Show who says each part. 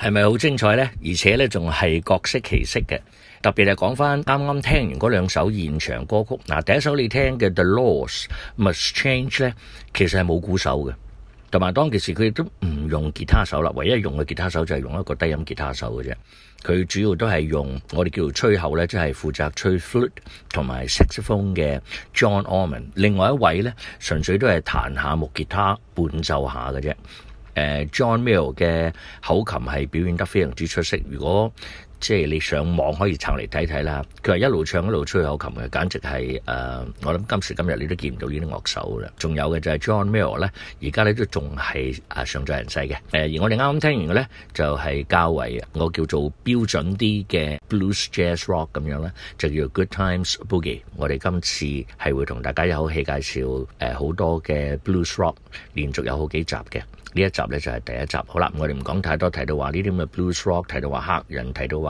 Speaker 1: 係咪好精彩呢？而且呢，仲係各色其色嘅。特別係講翻啱啱聽完嗰兩首現場歌曲，嗱，第一首你聽嘅 The Laws Must Change 呢，其實係冇鼓手嘅，同埋當其時佢亦都唔用吉他手啦，唯一用嘅吉他手就係用一個低音吉他手嘅啫。佢主要都係用我哋叫吹口呢，即係負責吹 flute 同埋 saxophone 嘅 John Almond。另外一位呢，純粹都係彈下木吉他伴奏下嘅啫。誒 John Mill 嘅口琴係表現得非常之出色，如果。即係你上網可以查嚟睇睇啦，佢話一路唱一路吹口琴嘅，簡直係誒、呃，我諗今時今日你都見唔到呢啲樂手啦。仲有嘅就係 John Mayall 咧，而家咧都仲係啊尚在人世嘅、呃。而我哋啱啱聽完嘅呢，就係、是、較為我叫做標準啲嘅 Blues Jazz Rock 咁樣啦，就叫做 Good Times Boogie。我哋今次係會同大家一口氣介紹誒好、呃、多嘅 Blues Rock，連續有好幾集嘅呢一集呢就係、是、第一集。好啦，我哋唔講太多，睇到話呢啲咁嘅 Blues Rock，睇到話黑人，睇到話。